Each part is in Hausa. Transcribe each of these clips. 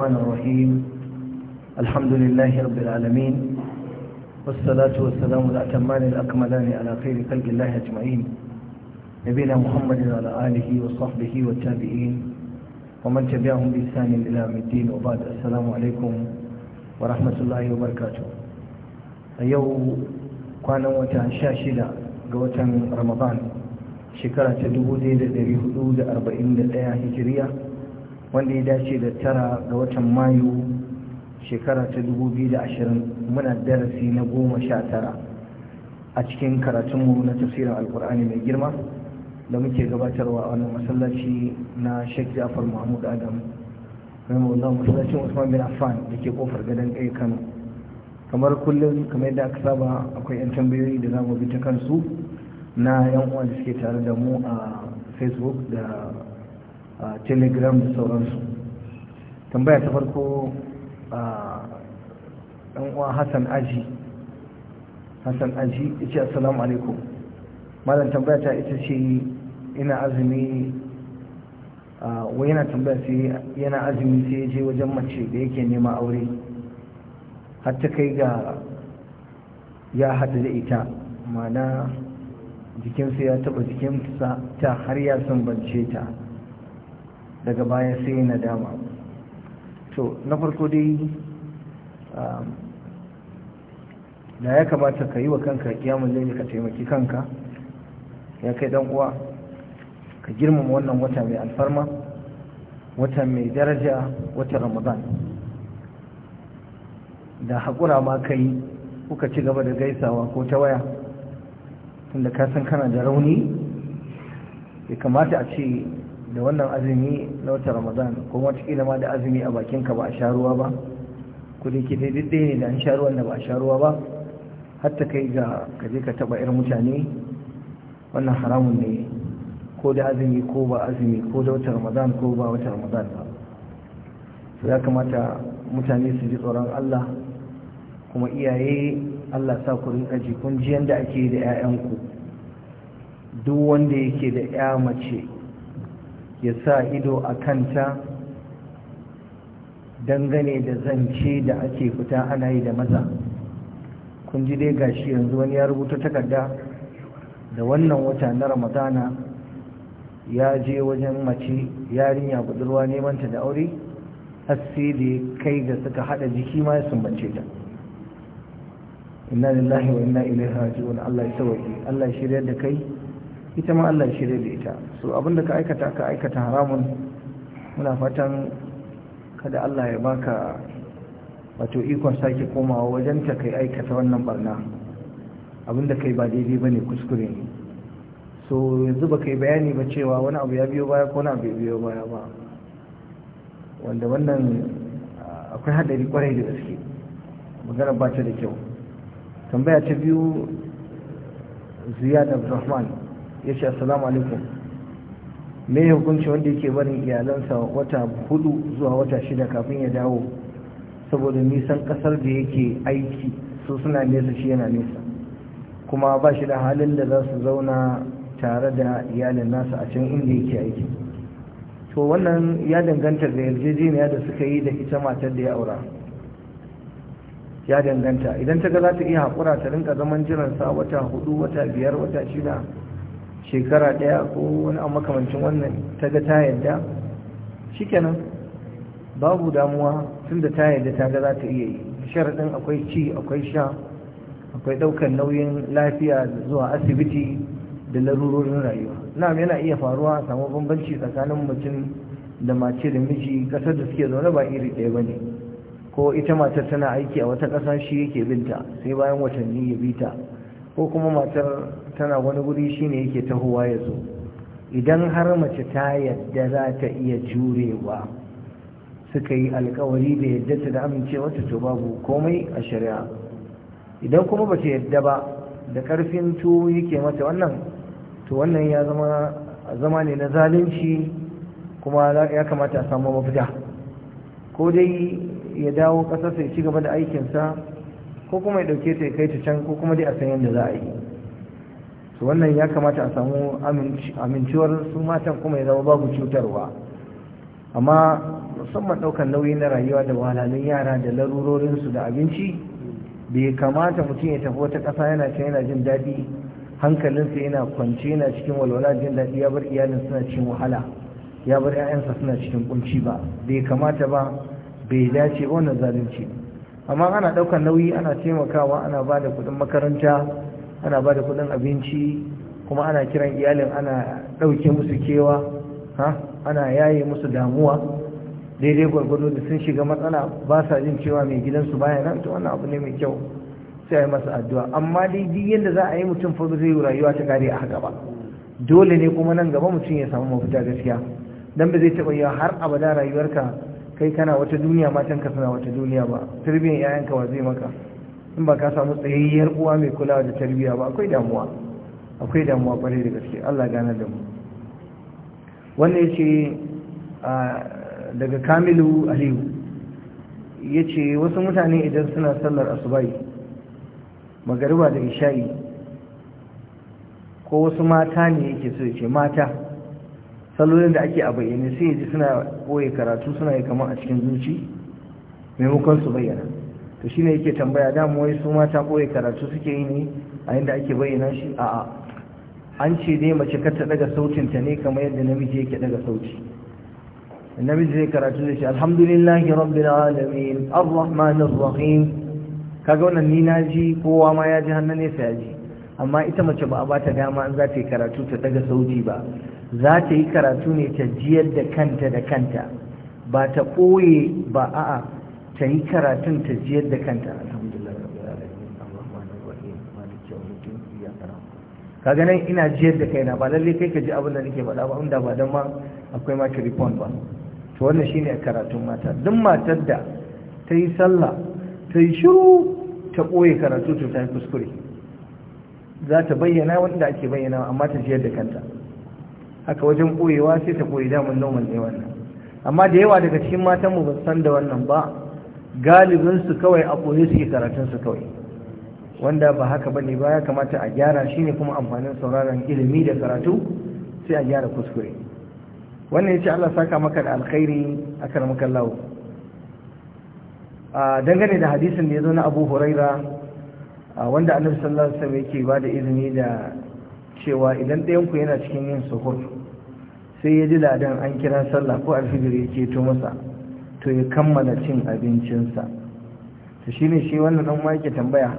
الرحمن الرحيم الحمد لله رب العالمين والصلاة والسلام الأتمان الأكملان على خير خلق الله أجمعين نبينا محمد وعلى آله وصحبه والتابعين ومن تبعهم بإحسان إلى يوم الدين وبعد السلام عليكم ورحمة الله وبركاته اليوم كان وتا شاشدة قوة رمضان شكرة دبو دي لدري حدود أربعين للآية هجرية wanda ya dace da tara ga watan mayu shekara ta 2020 muna darasi na goma sha tara a cikin karatunmu na tafsirin alkur'ani mai girma da muke gabatarwa a wannan masallaci na sheikh jafar mahmud adam rahimahullah masallacin usman bin affan da ke kofar gadon kai kano kamar kullum kamar yadda aka saba akwai 'yan tambayoyi da za mu bi ta kansu na yan uwa da suke tare da mu a facebook da telegram da sauransu tambaya ta farko ɗan uwa hassan aji hassan aji ya ce assalamu alaikum malam tambaya ta ita ce ina azumi wai yana tambaya sai yana azumi sai ya je wajen mace da yake nema aure har ta kai ga ya hada da ita mana jikinsa ya taba jikinsa ta har ya sumbance ta daga baya sai na dama to na farko dai um, da ya kamata ka yi wa kanka kiyamun zai ka taimaki kanka ya kai dan uwa ka girmama wannan wata mai alfarma wata mai daraja wata ramadan da haƙura ma ka yi kuka ci gaba da gaisawa ko ta waya tunda ka san kana da rauni ya kamata a ce da wannan azumi na wata ramadan kuma watakila ma da azumi a bakinka ba a sha ruwa ba kudi ke daidai ne da an sha ruwan da ba a sha ruwa ba hatta kai ga kaje ka taba irin mutane wannan haramun ne ko da azumi ko ba azumi ko da wata ramadan ko ba wata ramadan ba so ya kamata mutane su ji tsoron allah kuma iyaye allah sa ku rinka jikun jiyan da ake da 'ya'yanku duk wanda yake da 'ya mace ya sa ido a kanta dangane da zance da ake fita ana yi da maza kun ji dai gashi yanzu wani ya rubuta takarda da wannan wata na ramadana ya je wajen mace yarinya budurwa nemanta da aure sai kai da suka hada jiki ma ya sumbace ta inna lillahi wa inna ilaihi raji'un Allah ya sauke Allah ya shirya da kai ita ma Allah shirye da ita so abinda ka aikata ka aikata haramun muna fatan kada Allah ya baka wato ikon sake komawa wajen ta kai aikata wannan barna abinda kai ba daidai bane kuskure ne so yanzu ba kai bayani ba cewa wani abu ya biyo baya ko na bai biyo baya ba wanda wannan ah, akwai hadari kwarai da gaske magana ba ta da kyau tambaya ta biyu ziyad abdurrahman ya ce assalamu alaikum me hukunci wanda yake barin iyalansa wata hudu zuwa wata shida kafin ya dawo saboda nisan kasar da yake aiki su suna nesa shi yana nesa kuma ba shi da halin da za su zauna tare da iyalin nasa a can inda yake aiki to wannan ya danganta da yarjejeniya da suka yi da ita matar da ya aura ya danganta idan ta ga za ta iya haƙura ta rinka zaman jiransa wata hudu wata biyar wata shida shekara daya ko wani a makamancin wannan ta ga ta yadda shikenan babu damuwa tun da ta yadda ta ga za ta iya yi sharaɗin akwai ci akwai sha akwai ɗaukar nauyin lafiya zuwa asibiti da larurorin rayuwa na'am yana iya faruwa a samu bambanci tsakanin mutum da mace da miji ƙasar da suke zaune ba iri ɗaya ba ne ko ita matar tana aiki a wata ƙasa shi yake binta sai bayan watanni ya bi ta. ko kuma matar tana wani guri shine yake tahowa ya zo idan har mace ta yadda za ta iya jurewa suka yi alkawari da yadda ta da amincewa ta to babu komai a shari'a idan kuma ba ta yadda ba da karfin tuwo yake mata wannan to wannan ya zama ne na zalunci kuma ya kamata a samu mafita ko dai ya dawo ƙasarsa ya ci gaba da aikinsa ko kuma ya dauke ta ya kai ta can ko kuma dai a san yadda za a yi to wannan ya kamata a samu amincewar su matan kuma ya zama babu cutarwa amma musamman ɗaukar nauyi na rayuwa da wahalhalun yara da larurorinsu da abinci bai kamata mutum ya tafi wata ƙasa yana can yana jin daɗi hankalinsa yana kwance yana cikin walwala jin daɗi ya bar iyalin suna cikin wahala ya bar 'ya'yansa suna cikin kunci ba bai kamata ba bai dace wannan zalunci amma ana ɗaukar nauyi ana taimakawa ana ba da kuɗin makaranta ana ba da kuɗin abinci kuma ana kiran iyalin ana ɗauke musu kewa ana yaye musu damuwa daidai gwargwado da sun shiga matsala ba sa jin cewa mai gidansu baya nan to wannan abu ne mai kyau sai a yi masa addu'a amma dai duk yadda za a yi mutum fa zai yi rayuwa ta kare a haka ba dole ne kuma nan gaba mutum ya samu mafita gaskiya dan ba zai taɓa yi har abada rayuwarka kai kana wata duniya matan ka suna wata duniya ba tarbiyyar yayanka wa zai maka in ba ka samu tsayayyar uwa mai kula da tarbiyya ba akwai damuwa akwai damuwa kwarai da gaske Allah gane da mu wannan yace daga Kamilu Aliyu yace wasu mutane idan suna sallar asubai magariba da isha'i ko wasu mata ne yake so yace mata salolin da ake a bayyane sai ji suna koyi karatu suna yi kamar a cikin zuci maimakon su bayyana to shine yake tambaya damu wai su mata koyi karatu suke yi ne a inda ake bayyana shi a'a an ce dai mace kar ta daga sautin ta ne kamar yadda namiji yake daga sauti namiji zai karatu zai ce alhamdulillahi rabbil alamin arrahmanir rahim kaga wannan ni na ji kowa ma ya ji hannun ne sai ya ji amma ita mace ba a bata dama an za ta yi karatu ta daga sauti ba za ta yi karatu ne ta jiyar da kanta da kanta ba ta ɓoye ba a'a ta yi karatun ta jiyar da kanta kaga nan ina jiyar da kaina ba lalle kai ka ji abin da nake faɗa ba inda ba don ma akwai maki ripon ba to wannan shine a karatun mata duk matar da ta yi sallah ta yi shiru ta ɓoye karatu to ta yi kuskure za ta bayyana wanda ake bayyana amma ta jiyar da kanta haka wajen koyewa sai ta koyi damun noman ne wannan amma da yawa daga cikin matan mu ba san da wannan ba Galibinsu kawai a koyi suke karatun su kawai wanda ba haka bane ba ya kamata a gyara shine kuma amfanin sauraron ilimi da karatu sai a gyara kuskure wannan ce Allah saka maka da alkhairi akramaka Allah a dangane da hadisin da ya zo na Abu Huraira wanda annabi sallallahu alaihi wasallam yake ba da izini da cewa idan ɗayan ku yana cikin yin suhur sai ya ji ladan an kira sallah ko alfijir ya keto masa to ya kammala cin abincinsa to ne shi wannan dan ma yake tambaya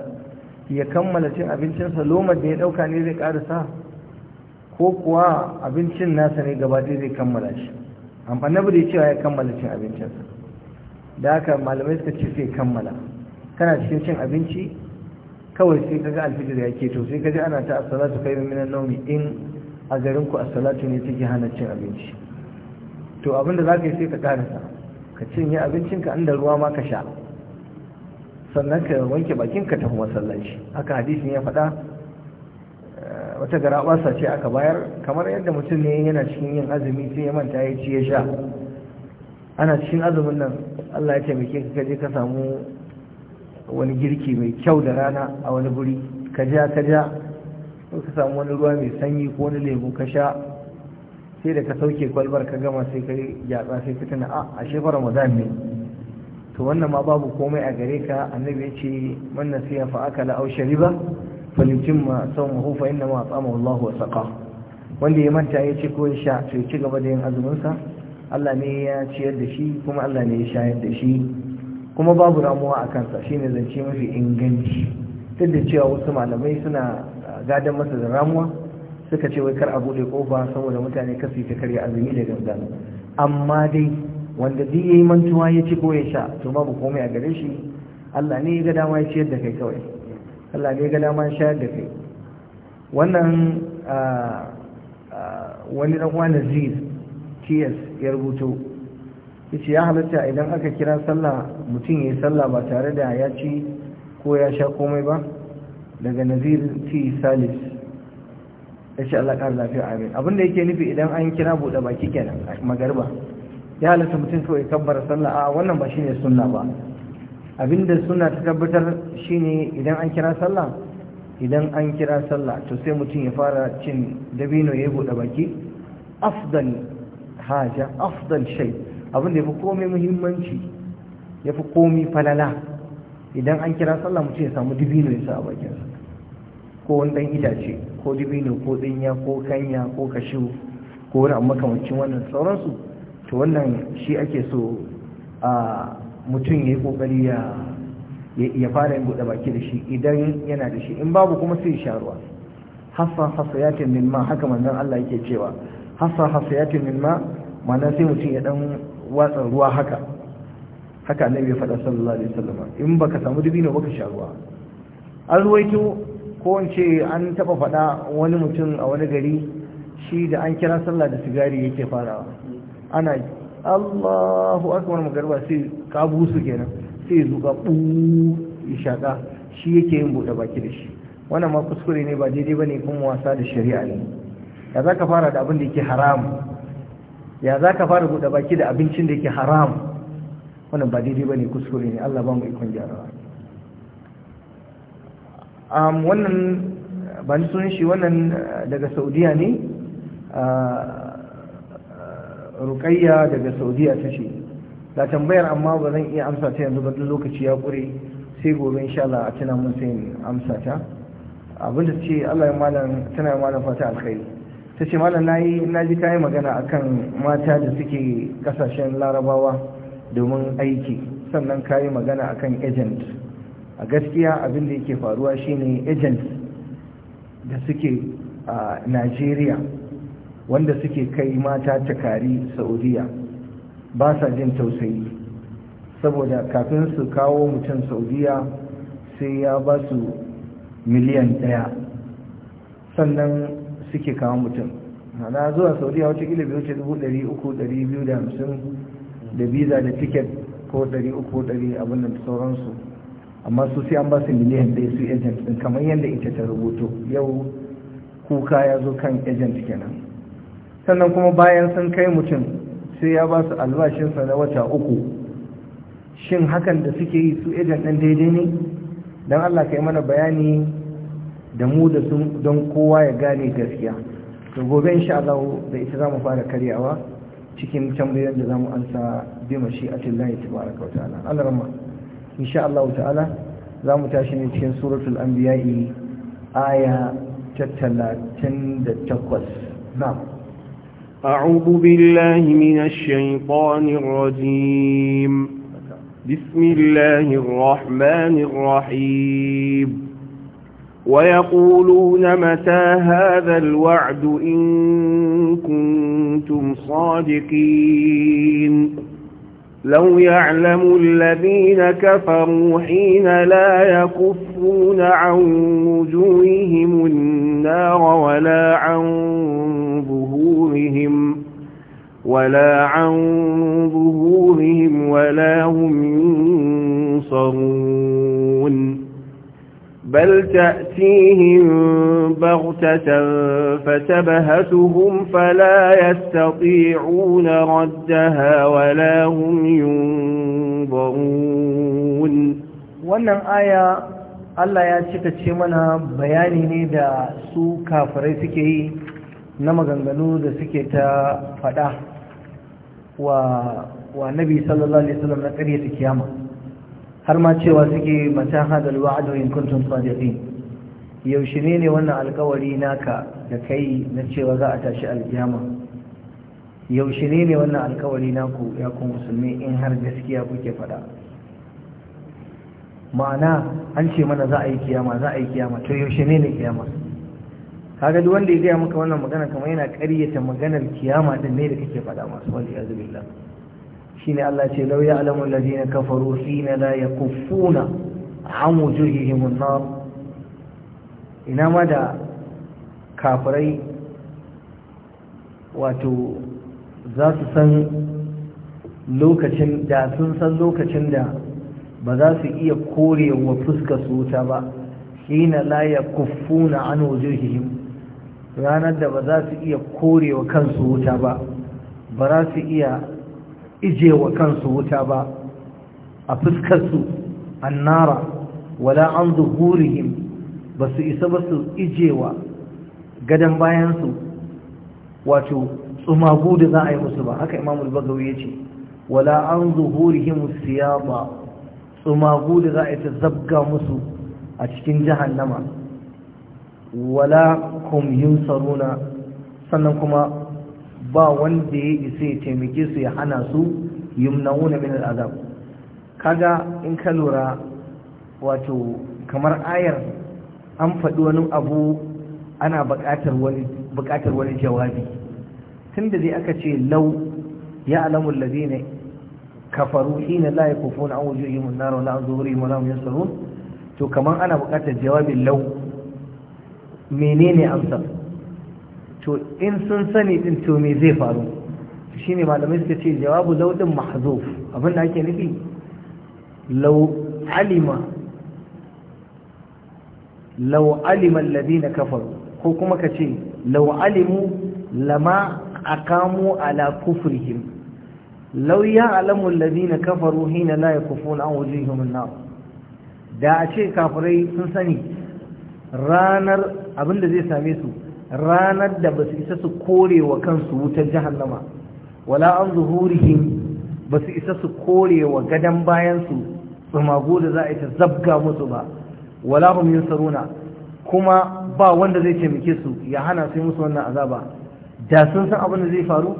ya kammala cin abincinsa lomar da ya ɗauka ne zai ƙarisa ko kuwa abincin nasa ne gaba ɗaya zai kammala shi amfani bude cewa ya kammala cin abincinsa da haka malamai suka ce sai kammala kana cikin cin abinci kawai sai kaga alfijir ya keto sai kaji ana ta as-salatu min minan nawmi in a garin ku as-salatu ne take hana cin abinci to abinda zaka yi sai ka karasa ka cinye abincin ka inda ruwa ma ka sha sannan ka wanke bakin ka tafi masallaci haka hadisin ya faɗa eh, wata garabasa ce aka bayar kamar yadda mutum ne yana cikin yin azumi sai ya manta ya ci ya sha ana cikin azumin nan Allah ya taimake ka kaje ka samu wani girki mai kyau da rana a wani guri ka ja ka ja ko ka samu wani ruwa mai sanyi ko wani lemu ka sha sai da ka sauke kwalbar ka gama sai ka gyatsa sai ka tana a ah, a fa ramadan ne to wannan ma babu komai a gare ka annabi ya ce man nasiya fa aka riba. aw shariba sau mahu fa inna ma tsama wallahu wa saka wanda ya manta ya ce ko ya sha to ya ci gaba da yin azumin Allah ne ya ciyar da shi kuma Allah ne ya shayar da shi kuma babu ramuwa a kansa shine zance mafi inganci duk da cewa wasu malamai suna ah, gadon masa da ramuwa suka ce wai kar a bude kofa saboda mutane kasu ta karya azumi da gangan amma dai wanda duk yayi mantuwa ya ci ko ya sha to babu komai a gare shi Allah ne ya ga dama ya ciyar da kai kawai Allah ne ya ga dama ya shayar da kai wannan ah, ah, wani dan uwa Nazir TS ya rubuto yace ya halatta idan aka kira sallah mutum ya yi sallah ba tare da ya ci ko ya sha komai ba daga nazir fi salis ya ce Allah kar lafiya amin abinda yake nufi idan an kira bude baki kenan magarba ya halatta mutum kawai kabbara sallah a wannan ba shine sunna ba abinda suna ta tabbatar shine idan an kira sallah idan an kira sallah to sai mutum ya fara cin dabino ya buɗe baki afdal haja afdal shay' abin da ya fi komai muhimmanci ya fi komai falala idan an kira sallah mutum ya samu dibino ya sa a bakinsa ko wani dan itace ko dibino ko ɗinya ko kanya ko kashu ko wani amma kamancin wannan sauransu to wannan shi ake so a mutum ya yi ƙoƙari ya fara yin buɗe baki da shi idan yana da shi in babu kuma sai sha ruwa hassa hasayatin min ma haka manzon Allah yake cewa hassa hasayatin min ma ma'ana sai mutum ya dan Watsan ruwa haka haka ne ya faɗa sallallahu alaihi wasallam in baka samu dibino baka sha ruwa an ruwaito ko in an taba faɗa wani mutum a wani gari shi da an kira sallah da sigari yake farawa ana Allahu akbar magarba sai su kenan sai zuka bu ya shaka shi yake yin bude baki da shi wannan ma kuskure ne ba daidai bane kuma wasa da shari'a ne da zaka fara da abin da yake haramu? ya za ka fara buɗe baki da abincin da yake haram wannan ba daidai ba ne kuskure ne allah ba mu ikon gyarawa wannan ba ni sunan shi wannan eh, daga saudiya ne ah, eh, rukayya daga saudiya ta ce da tambayar amma ba zan iya amsa ta yanzu ba duk lokaci ya ƙure sai gobe insha Allah a tana mun sai amsa ta abinda ce Allah ya malam tana malam fata alkhairi ta ce mana na ji kayi magana akan mata da suke kasashen larabawa domin aiki sannan kayi magana akan agent a gaskiya abin da yake faruwa shine agent da suke a nigeria wanda suke kai mata takari saudiya ba sa jin tausayi saboda kafin su kawo mutum saudiya sai ya ba su miliyan daya sannan suke kawo mutum na zuwa a saudiya dubu ɗari uku ɗari biyu da hamsin da biza da tiket ko uku ɗari abin da sauransu amma su sai an ba su miliyan ɗaya su agent ɗin kamar yadda ita ta rubuto yau kuka ya zo kan agent kenan sannan kuma bayan sun kai mutum sai ya ba su albashinsa na wata uku shin hakan da suke yi su agent ɗin daidai ne don allah ka yi mana bayani da mu da su don kowa ya gane gaskiya to gobe insha Allah da ita zamu fara karyawa cikin tambayoyin da zamu ansa bi mashi'atin Allah tabaaraka wa ta'ala Allah rahma insha Allah ta'ala zamu tashi ne cikin suratul anbiya'i aya ta 38 na'am أعوذ بالله من الشيطان الرجيم بسم الله الرحمن الرحيم ويقولون متى هذا الوعد إن كنتم صادقين لو يعلم الذين كفروا حين لا يكفون عن وجوههم النار ولا عن ظهورهم ولا عن ظهورهم ولا هم ينصرون بل تأتيهم بغتة فتبهتهم فلا يستطيعون ردها ولا هم ينظرون wannan aya Allah ya cika ce mana bayani ne da su kafirai suke yi na maganganu da suke ta fada wa nabi sallallahu alaihi wasallam na ƙarya ta kiyama har ma cewa suke mata hada wa'adu in kuntum sadiqin yaushe ne ne wannan alkawari naka da kai na cewa za a tashi alkiyama yaushe ne ne wannan alkawari naku ya ku musulmi in har gaskiya kuke faɗa ma'ana an ce mana za a yi kiyama za a yi kiyama to yaushe ne ne kiyama kaga duk wanda ya gaya maka wannan magana kamar yana ƙaryata maganar kiyama din ne da kake faɗa masu wani billah shine Allah ce law ya'lamu alladhina kafaru hina la yakuffuna an wujuhihim an-nar ina ma da kafirai wato za su san lokacin da sun san lokacin da ba za su iya korewa fuskar su wuta ba hina la yakuffuna an wujuhihim ranar da ba za su iya korewa kansu wuta ba ba za su iya ije wa kansu wuta ba a fuskarsu annara wala an zuhurihim ba su isa ba su ijewa gadon bayansu wato tsumagu da za a yi musu ba haka imamul bagawi ya ce wala an zuhurihim ba tsumagu da za a yi ta zabga musu a cikin jahannama wala hum yunsaruna sannan kuma ba wanda ya isa ya taimake su ya hana su yumnauna min al'azab kaga in ka lura wato kamar ayar an faɗi wani abu ana buƙatar wani jawabi tunda dai aka ce lau, ya law ya'lamu alladhina kafaru hina la yakufuna an wujuhihim an-nar wa la an zuhurihim wa la hum yansurun to kamar ana buƙatar jawabin lau, menene amsar to in sun sani din to me zai faru shine malamai suka ce jawabu laudin mahzuf abin da ake nufi law alima law alima alladhina kafaru ko kuma kace law alimu lama aqamu ala kufrihim law ya'lamu alladhina kafaru hina la yakufuna an wujuhihim an-nar da a ce kafirai sun sani ranar abin da zai same su ranar da ba su isa su kore wa kansu wutar jahannama wala an zuhurihim ba su isa su kore wa gadon bayansu tsumago da za a ita zabga musu ba wala hum yunsaruna kuma ba wanda zai taimake su ya hana su musu wannan azaba da sun san abin da zai faru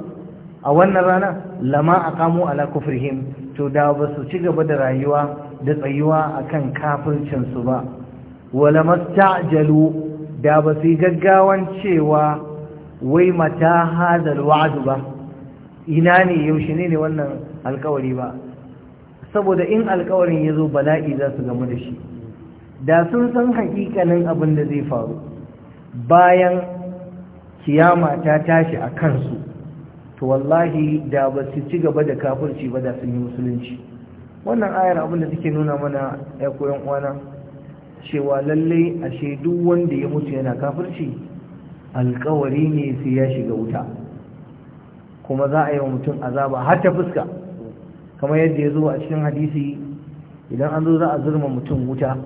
a wannan rana lama aqamu ala kufrihim to da ba su ci gaba da rayuwa da tsayuwa akan kafircin su ba wala mastajalu da ba su yi gaggawan cewa wai mata hazal wa'adu ba ina ne yaushe ne ne wannan alkawari ba saboda in alkawarin ya zo bala'i za su gamu da shi da sun san hakikanin abin da zai faru bayan kiyama ta tashi a kansu to wallahi da ba su ci gaba da kafirci ba da sun yi musulunci wannan ayar abin da suke nuna mana ya koyon uwana cewa lalle ashe duk wanda ya mutu yana kafirci alkawari ne sai ya shiga wuta kuma za a yi wa mutum azaba har ta fuska kamar yadda ya zo a cikin hadisi idan an zo za a zurma mutum wuta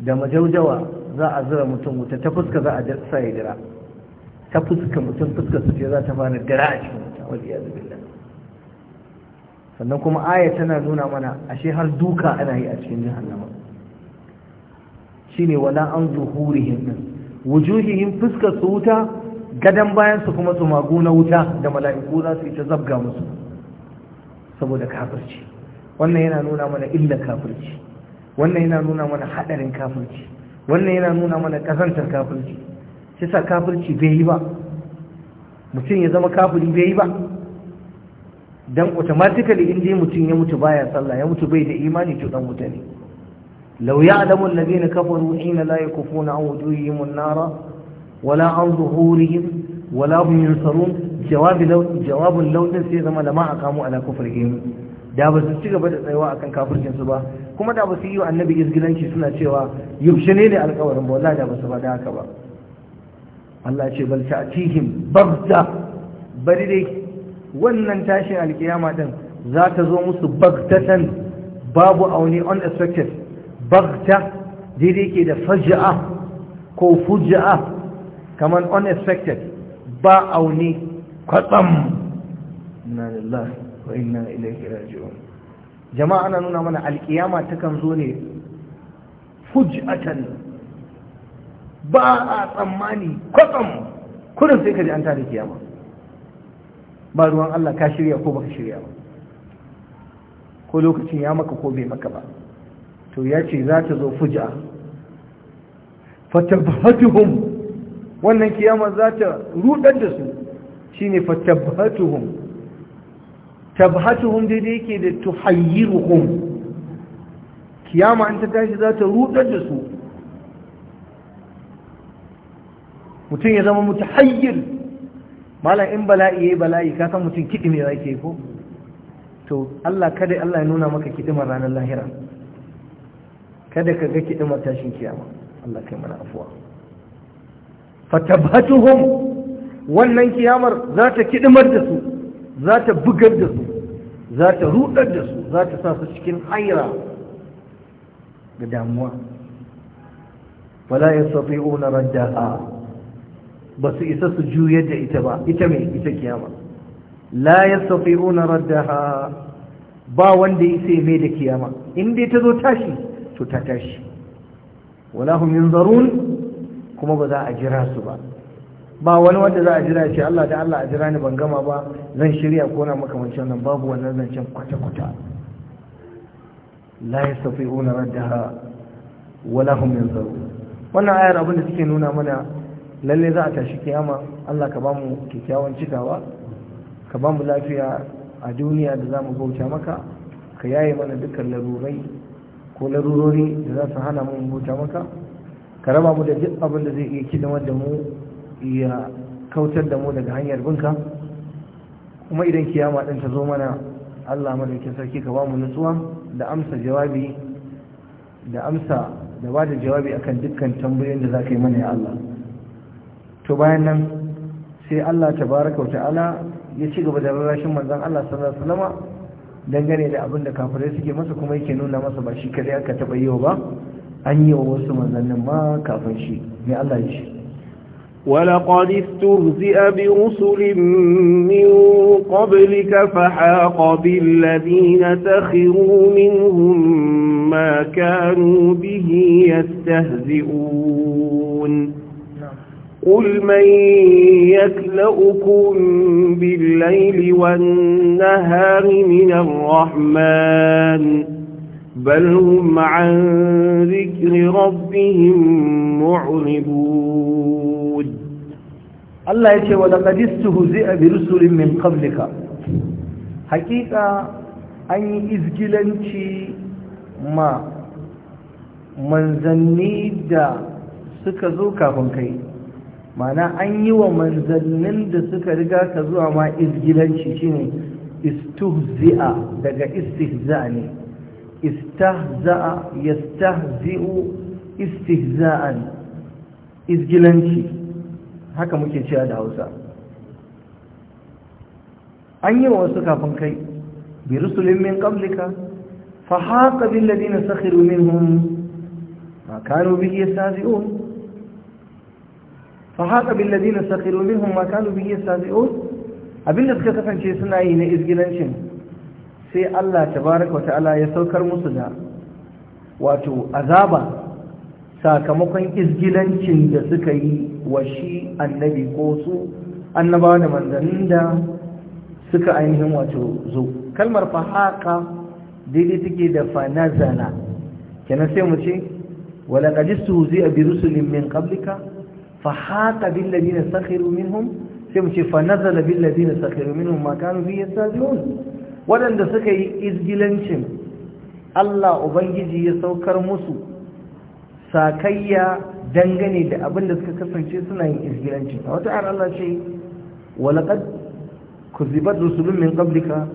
da majaujawa za a zura mutum wuta ta fuska za a sa ya dira ta fuska mutum fuska su ce za ta fara dira a cikin wuta wajen ya zubin sannan kuma aya tana nuna mana ashe har duka ana yi a cikin jihannama shine wala an zuhurihim wujuhihim fuska su wuta gadan bayan su kuma su magu na wuta da mala'iku za su yi ta zabga musu saboda kafirci wannan yana nuna mana illa kafirci wannan yana nuna mana hadarin kafirci wannan yana nuna mana kazantar kafirci shi sa kafirci bai yi ba mutum ya zama kafiri bai yi ba dan automatically in mutum ya mutu baya sallah ya mutu bai da imani to dan wuta ne لو يعلم الذين كفروا حين لا يكفون عن وجوههم النار ولا عن ظهورهم ولا هم ينصرون جواب لو جواب لو sai zama da ma akamu ala kufrihim da ba su cigaba da tsayawa akan kafircin su ba kuma da ba su yi wa annabi izgilanci suna cewa yubshine ne alƙawarin ba wallahi da ba su ba da haka ba Allah ce bal ta'tihim bagza bari dai wannan tashin alkiyama din za ta zo musu bagtatan babu auni unexpected bagta daidai ke da faja'a ko fuja'a kamar unexpected ba auni kwatsam na lillah wa inna ilaihi raji'un jama'a ana nuna mana alkiyama takan zo ne fujatan ba a tsammani kwatsam kudin sai ka ji an tada kiyama ba ruwan Allah ka shirya ko baka shirya ba ko lokacin ya maka ko bai maka ba to ya ce za ta zo fuja fatabhatuhum wannan kiyama za ta rudar da su shine fatabhatuhum tabhatuhum daidai yake da tuhayyiruhum kiyama an ta tashi za ta rudar da su mutum ya zama mutahayyir malam in bala'i yayi bala'i ka san mutum me yake ko to Allah kada Allah ya nuna maka kidimar ranar lahira kada ka ga kiɗimar tashin kiyama Allah kai mana afuwa fatabhatuhum wannan kiyamar za ta kiɗimar da su za ta bugar da su za ta rudar da su za ta sa su cikin haira da damuwa fala yastati'una raddaha ba su isa su juyar da ita ba ita mai ita kiyama la yastati'una raddaha ba wanda ya isa mai da kiyama in dai ta zo tashi to ta tashi wala hum yunzarun kuma ba za a jira su ba ba wani wanda za a jira ce Allah da Allah a jira ni ban gama ba zan shirya ko na makamancin nan babu wannan zancen kwata-kwata la yastafi'una raddaha wala hum yunzarun wannan ayar abin da suke nuna mana lalle za a tashi kiyama Allah ka bamu kyakkyawan cikawa ka bamu lafiya a duniya da zamu mu bauta maka ka yaye mana dukkan larurai ko larurori da za su hana mu huta maka ka raba mu da duk abin da zai iya kidamar da mu ya kautar da mu daga hanyar binka kuma idan kiyama din ta zo mana Allah madaukin sarki ka ba mu nutsuwa da amsa jawabi da amsa da ba da jawabi akan dukkan tambayoyin da za ka yi mana ya Allah to bayan nan sai Allah tabaraka wa ta'ala ya ci gaba da rarrashin manzon Allah sallallahu alaihi wasallama dangane da abin da kafirai suke masa kuma yake nuna masa ba shi kadai aka taba yi ba an yi wa wasu manzannin ma kafin shi mai Allah ya ce ولقد استهزئ برسل من قبلك فحاق بالذين سخروا منهم ما كانوا به يستهزئون قل من يكلؤكم بالليل والنهار من الرحمن بل هم عن ذكر ربهم معرضون الله يتي ولقد استهزئ برسل من قبلك حقيقة أن إزجلنتي ما من دا سكزوكا هم mana an yi wa manzannin da suka riga ka zuwa ma izgilanci shine istuhzi'a daga istihza'a ne istahza'a yastahzi'u istihza'an izgilanci haka muke cewa da Hausa an yi wa wasu kafin kai bi rusulun min qablika fa haqa bil ladina sakhiru minhum ma kanu bihi yastahzi'un fa haka bil ladina sakhiru minhum ma kanu bihi yastahzi'un abinda suka kasance suna yi na izgilancin sai Allah tabaaraka ta'ala ya saukar musu da wato azaba sakamakon izgilancin da suka yi wa shi annabi ko su annabawa da manzannin da suka ainihin wato zo kalmar fahaka daidai take da fanazana kenan sai mu ce wala qadistu zai bi rusulin min qablika fa haka bil ladina sakhiru minhum sai mu ce fa nazala bil ladina sakhiru minhum ma kanu bi suka yi izgilancin Allah ubangiji ya saukar musu sakayya dangane da abin da suka kasance suna yin izgilanci a wata ayar Allah ce walaqad kuzibat rusulun min qablika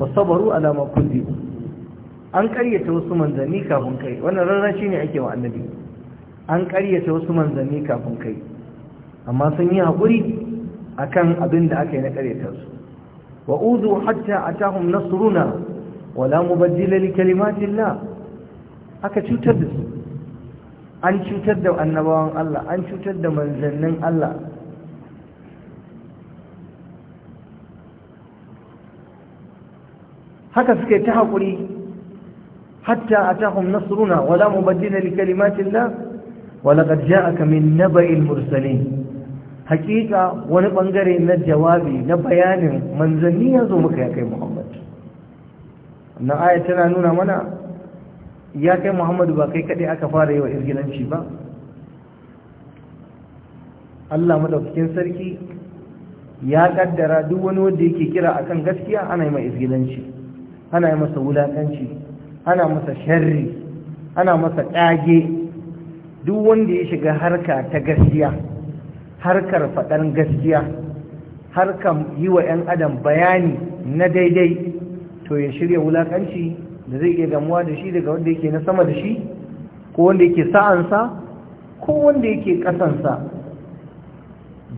wasabaru ala ma kuzibu an karyata wasu manzanni kafin kai wannan shi ne ake wa annabi an karyata wasu manzanni kafin kai amma sun yi haƙuri akan abin da aka yi na karyatarsu. su wa uzu hatta atahum nasruna wala mubaddila li kalimatillah aka cutar da su an cutar da annabawan Allah an cutar da manzannin Allah haka suke ta haƙuri hatta a Tahun nasruna wala mubaddila li kalimatillah ولقد جاءك من نبأ المرسلين hakika wani bangare na jawabi na bayanin manzanni ya zo maka ya kai muhammad na aya tana nuna mana ya kai muhammadu ba kai kaɗai aka fara yi wa irgilanci ba allah maɗaukakin sarki ya ƙaddara duk wani wanda yake kira akan gaskiya ana yi mai izgilanci ana yi masa wulakanci ana masa sharri ana masa ɗage. duk wanda ya shiga harka ta gaskiya harkar faɗan gaskiya harkar yi wa 'yan adam bayani na daidai to ya shirya wulakanci da zai iya damuwa da shi daga wanda yake na sama da shi ko wanda yake sa'ansa ko wanda yake ƙasansa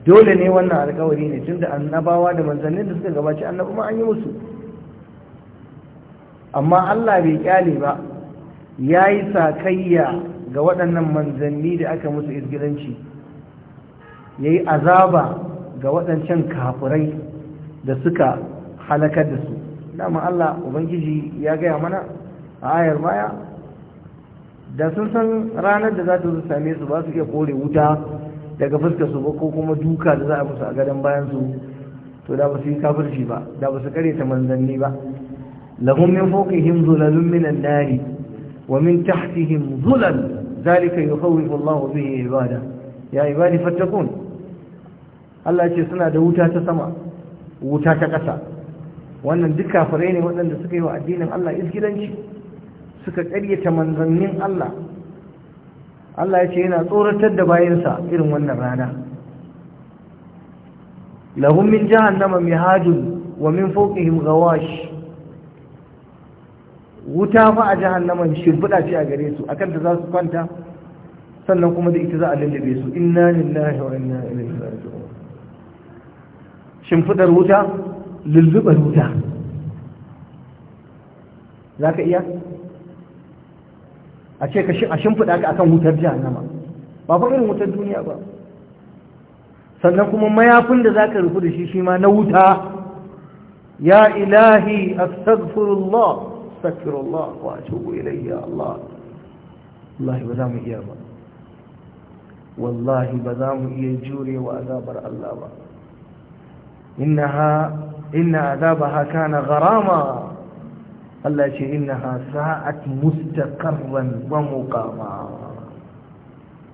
dole ne wannan alkawari ne tunda annabawa da manzannin da suka gabaci annabu ma an yi musu amma Allah bai kyale ba ya yi sakayya ga waɗannan manzanni da aka musu izgilanci ya yi azaba ga waɗancan kafurai da suka halakar da su dama Allah Ubangiji ya gaya mana a ayar baya da sun san ranar da za ta same su ba su iya kore wuta daga fuskar su ko kuma duka da za a musu a gadon bayan su to da ba su yi kafirci ba da ba su kare ta manzanni ba lahum min fawqihim zulalun minan nari wa min tahtihim zulal ذلك يخوف الله به عباده يا عبادي فاتقون Allah ce suna da wuta ta sama wuta ta ƙasa wannan duk kafirai ne waɗanda suka yi wa addinin Allah isgilanci suka ƙaryata manzannin Allah Allah yace ce yana tsoratar da bayansa irin wannan rana lahum min jahannama mihajun wa min fawqihim ghawash wuta fa a jahannama shimfiɗa ce a gare su akan da za su kwanta sannan kuma da ita za a lullube su inna lillahi wa inna ilaihi raji'un shimfiɗar wuta lullubar wuta za ka iya a ce ka shimfiɗa ka akan wutar jahannama ba fa irin wutar duniya ba sannan kuma mayafin da za ka rufu da shi shi ma na wuta ya ilahi astaghfirullah astaghfirullah wa atubu ilayhi ya Allah wallahi ba za mu iya ba wallahi ba za mu iya jure azabar Allah ba innaha inna azabaha kana gharama Allah ce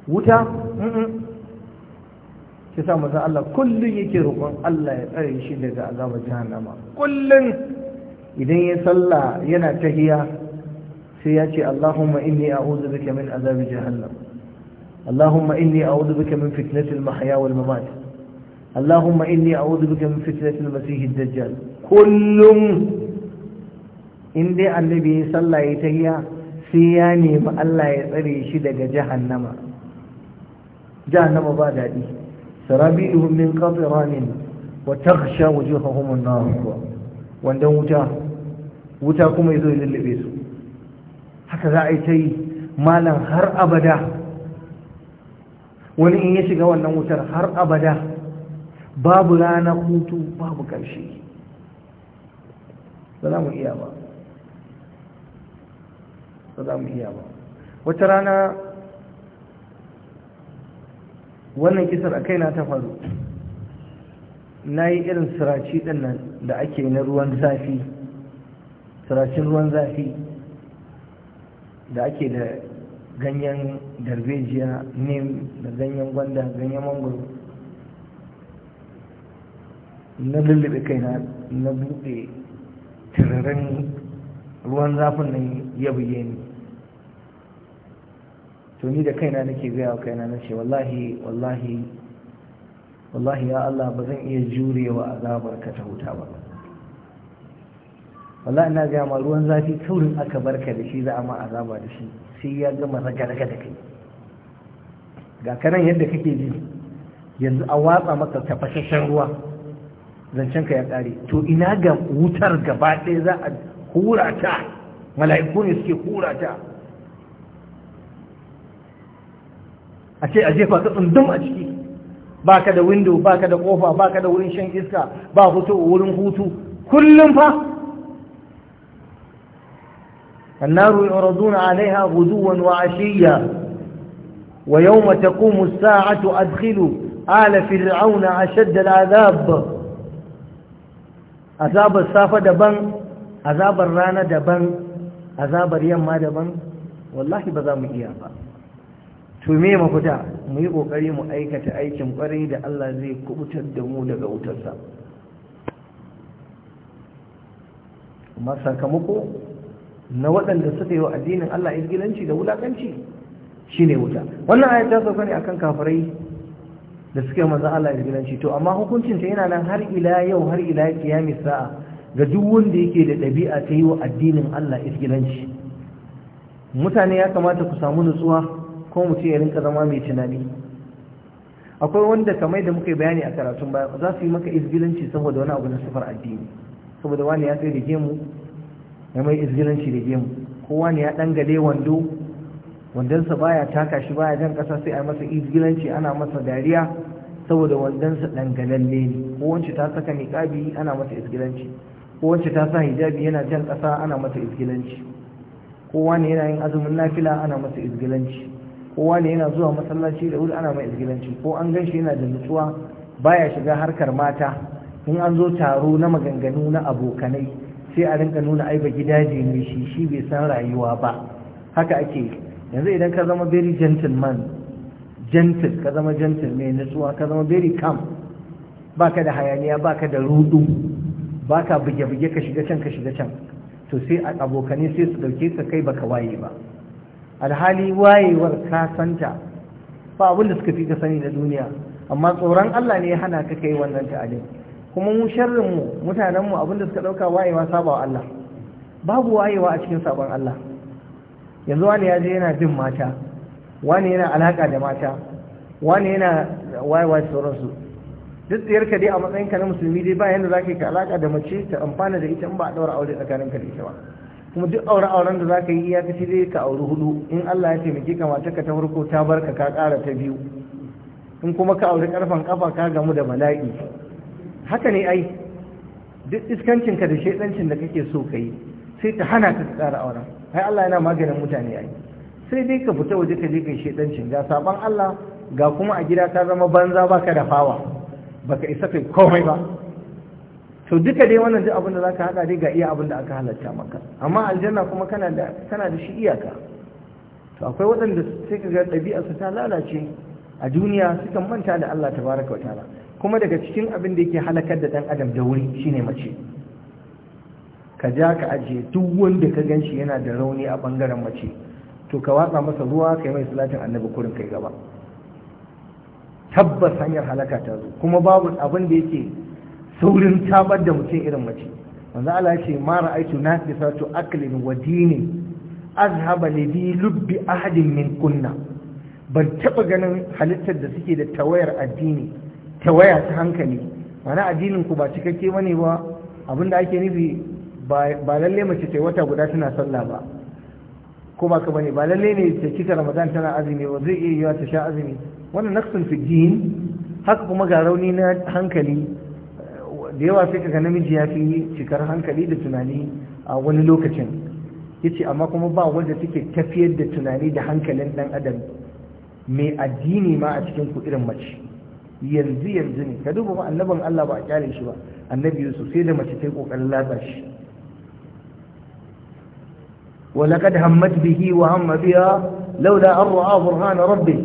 wuta kisa manzo Allah kullun yake roƙon Allah ya tsare shi daga azabar jahannama kullun idan ya salla yana tahiya sai ya ce Allahumma inni a'udhu bika min azabi jahannam Allahumma inni a'udhu bika min fitnati al-mahya wal mamat Allahumma inni a'udhu bika min fitnati al-masih ad-dajjal kullum in dai annabi ya salla ya tahiya sai ya nemi Allah ya tsare shi daga jahannama jahannama ba daɗi sarabi'uhum min qatiranin wa taghsha wujuhahum an-nar wanda wuta wuta kuma ya zo ya lullube su haka za a yi ta yi malam har abada wani in ya shiga wannan wutar har abada babu rana hutu babu ƙarshe ba za mu iya ba ba za mu iya ba wata rana wannan kisar a kaina ta faru na yi irin siraci ɗin nan da ake na ruwan zafi siracin ruwan zafi da ake da ganyen darbejiya nim da ganyen gwanda ganyen mangoro na lullube kaina na buɗe tararren ruwan zafin nan ya buge ni to ni da kaina nake gaya wa kaina na ce wallahi wallahi wallahi ya Allah ba zan iya jurewa azabar ka ta huta ba wallahi ina ga ruwan zafi kaurin aka barka da shi za a ma azaba da shi sai ya gama raga raga da kai ga kanan yadda kake ji yanzu a watsa maka tafashashen ruwa zancen ka ya kare to ina ga wutar gaba ɗaya za a hura ta mala'iku ne suke hura ta a ce a jefa ka tsundum a ciki baka da window baka da kofa baka da wurin shan iska ba hutu wurin hutu kullum النار يعرضون عليها غدوا وعشيا ويوم تقوم الساعة أدخلوا آل فرعون أشد العذاب عذاب الصافة دبن عذاب الرانة دبن عذاب اليم ما دبن والله بذا مهيافا to me mafita mu yi kokari mu aikata aikin kwarai da Allah zai kubutar da mu daga wutarsa amma sakamako na waɗanda suka yi wa addinin Allah ingilanci da wulakanci shine wuta wannan ayat ta sauka ne akan kafirai da suka yi manzon Allah ingilanci to amma hukuncin ta yana nan har ila yau har ila kiyami sa'a ga duk wanda yake da dabi'a ta yi wa addinin Allah ingilanci mutane ya kamata ku samu nutsuwa ko mu ce ya rinka zama mai tunani akwai wanda kamar da muka yi bayani a karatun baya za su yi maka izgilanci saboda wani abu na sifar addini saboda wani ya tsaye da gemu ya mai izgilanci da gemu ko wani ya dangale wando wandonsa baya taka shi baya jan kasa sai a masa izgilanci ana masa dariya saboda wandonsa dangalalle ne ko wance ta saka niqabi ana masa izgilanci ko wance ta sa hijabi yana jan kasa ana masa izgilanci ko wani yana yin azumin nafila ana masa izgilanci kowa ne yana zuwa masallaci da wuri ana mai izgilanci ko an gan shi yana da nutsuwa baya shiga harkar mata in an zo taro na maganganu na abokanai sai a rinka nuna ai ba gidaje ne shi shi bai san rayuwa ba haka ake yanzu idan ka zama very gentleman gentle ka zama gentle mai nutsuwa ka zama very calm baka da hayaniya baka da rudu baka buge-buge ka shiga can ka shiga can to sai abokanai sai su dauke ka kai baka waye ba alhali wayewar ka santa ba abin da suka fi ka sani da duniya amma tsoron Allah ne ya hana ka kai wannan ta'adin kuma mu sharrin mu mutanen mu abin da suka dauka wayewa saba wa Allah babu wayewa a cikin sabon Allah yanzu wani ya je yana jin mata wani yana alaka da mata wani yana wayewa sauransu duk ka dai a matsayinka na musulmi dai ba yanda za ka yi ka alaka da mace ta amfana da ita in ba a daura aure tsakaninka da ita ba kuma duk auren auren da zaka yi ya iyakaci zai ka auri hudu in Allah ya taimake ka mata ka ta farko ta barka ka ƙara ta biyu in kuma ka auri karfan kafa ka gamu da bala'i haka ne ai duk ka da shedancin da kake so ka yi sai ta hana ka ƙara auren ai Allah yana maganin mutane ai sai dai ka fita waje ka je kai shedancin ga saban Allah ga kuma a gida ka zama banza baka da fawa baka isa kai komai ba to duka dai wannan duk abin da zaka hada dai ga iya abin da aka halatta maka amma aljanna kuma kana da shi iyaka to akwai waɗanda sai ka ga ɗabi'a su ta lalace a duniya sukan manta da Allah tabaraka wa ta'ala kuma daga cikin abin da yake halakar da dan adam da wuri shine mace ka ja ka ajiye duk wanda ka ganshi yana da rauni a bangaren mace to ka watsa masa ruwa kai mai salatin annabi kurin kai gaba tabbas hanyar halaka ta zo kuma babu abin da yake saurin tabar da mutum irin mace manzo Allah ya ce ma ra'aitu nafisatu aklin wa dinin azhaba ne bi lubbi ahadin min kunna ban taɓa ganin halittar da suke da tawayar addini tawaya ta hankali mana addinin ku ba cikakke ne ba abinda ake nufi ba lalle mace ta wata guda tana sallah ba ko ba ka bane ba lalle ne ta cika ramadan tana azumi ba zai iya yiwa ta sha azumi wannan naqsun fi din haka kuma ga rauni na hankali da yawa sai kaga namiji ya fi cikar hankali da tunani a wani lokacin yace amma kuma ba wanda take tafiyar da tunani da hankalin dan adam mai addini ma a cikin ku irin mace yanzu yanzu ne ka duba annabin Allah ba a kyale shi ba annabi Yusuf sai da mace ta yi kokarin latsa shi ولقد همت به وهم بها لولا أن رأى برهان ربه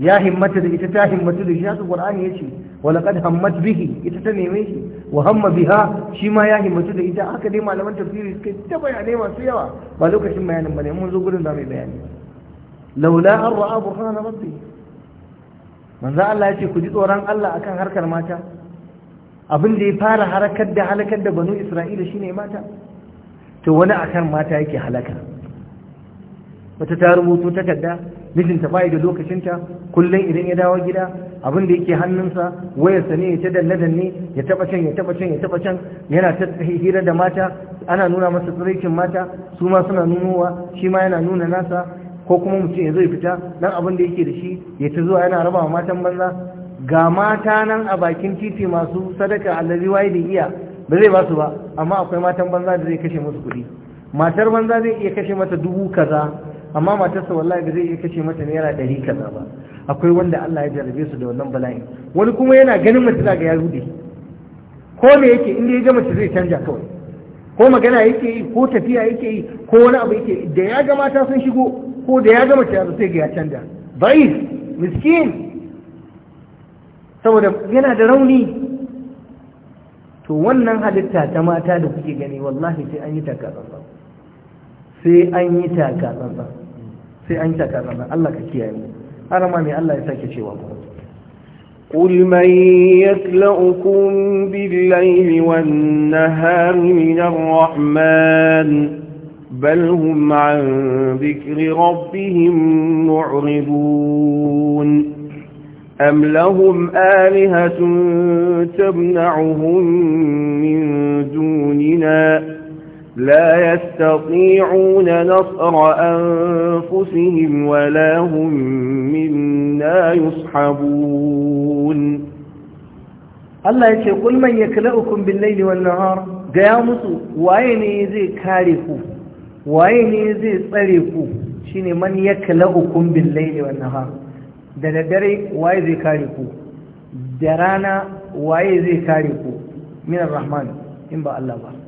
ya himmatu da ita ta himmatu da shi haka qur'ani yace walaqad hammat bihi ita ta neme shi wa hamma biha shi ma ya himmatu da ita haka dai malaman tafsiri suka ta bayanai masu yawa ba lokacin bayanin bane mun zo gurin za mu bayani laula an ra'a burhan rabbi manzo Allah ya ce ku ji tsoron Allah akan harkar mata abin da ya fara harakar da halakar da banu Isra'ila shine mata to wani akan mata yake halaka wata ta rubutu takarda mijinta bai da lokacinta kullum idan ya dawo gida abin da yake hannunsa wayarsa ne ya ta danne danne ya taba can ya taba can ya taba can yana ta hira da mata ana nuna masa tsirikin mata su ma suna nunowa shi ma yana nuna nasa ko kuma mutum ya zo fita dan abin da yake da shi ya ta zuwa yana raba matan banza ga mata nan a bakin titi masu sadaka allazi waye da iya ba zai ba su ba amma akwai matan banza da zai kashe musu kuɗi matar banza zai iya kashe mata dubu kaza amma matarsa wallahi ba zai iya kashe mata naira ɗari kaza ba akwai wanda Allah ya jarabe su da wannan bala'i wani kuma yana ganin mace ga ya rude ko me yake inda ya ga mace zai canja kawai ko magana yake yi ko tafiya yake yi ko wani abu yake da ya ga mata sun shigo ko da ya ga mace ya sai ga ya canja bai miskin saboda yana da rauni to wannan halitta ta mata da kuke gani wallahi sai an yi takatsantsan sai an yi takatsantsan sai an yi takatsantsan Allah ka kiyaye mu أنا ma mai Allah ya sake cewa قل من يكلؤكم بالليل والنهار من الرحمن بل هم عن ذكر ربهم معرضون أم لهم آلهة تمنعهم من دوننا لا يستطيعون نصر أنفسهم ولا هم منا يصحبون الله يقول قل من يكلأكم بالليل والنهار قيامس وين يزي كارف وين يزي صرف شين من يكلأكم بالليل والنهار وين ويزي كارف درانا وين ويزي كارف من الرحمن إن الله بارك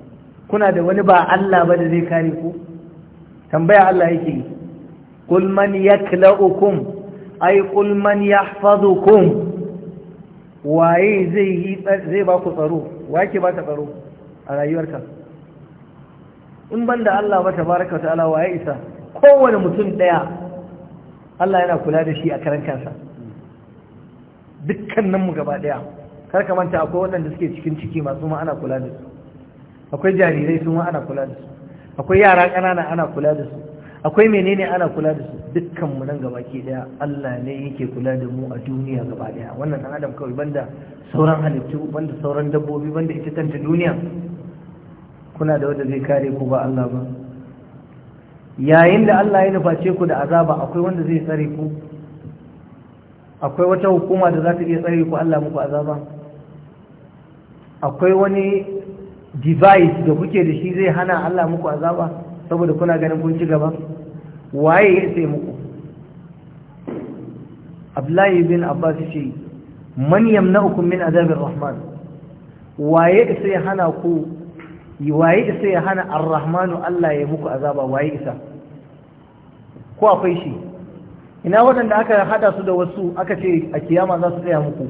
kuna da wani ba Allah ba da zai kare ku tambaya Allah yake yi kul man yaklaukum ay kul man yahfazukum waye zai yi zai ba ku tsaro wake ba ta tsaro a rayuwarka in banda Allah ba tabaraka ta'ala waye isa kowane mutum daya Allah yana kula da shi a dukkan kansa mu gaba daya kar ka manta akwai waɗanda suke cikin ciki masu ma ana kula da su akwai jarirai sun ana kula da su akwai yara ƙanana ana kula da su akwai menene ana kula da su dukkan mu nan gaba ke daya Allah ne yake kula da mu a duniya gaba daya wannan dan adam kawai banda sauran halittu banda sauran dabbobi banda ita kanta duniya kuna da wanda zai kare ku ba Allah ba yayin da Allah ya nuface ku da azaba akwai wanda zai tsare ku akwai wata hukuma da za ta iya tsare ku Allah muku azaba akwai wani device da kuke da shi zai hana Allah muku azaba saboda kuna ganin kun ci gaba waye ya sai muku Abdullahi bin Abbas ce man yamna'ukum min azabir rahman waye sai hana ku waye isa ya hana rahman Allah ya muku azaba waye isa ko akwai shi ina waɗanda aka hada su da wasu aka ce a kiyama za su tsaya muku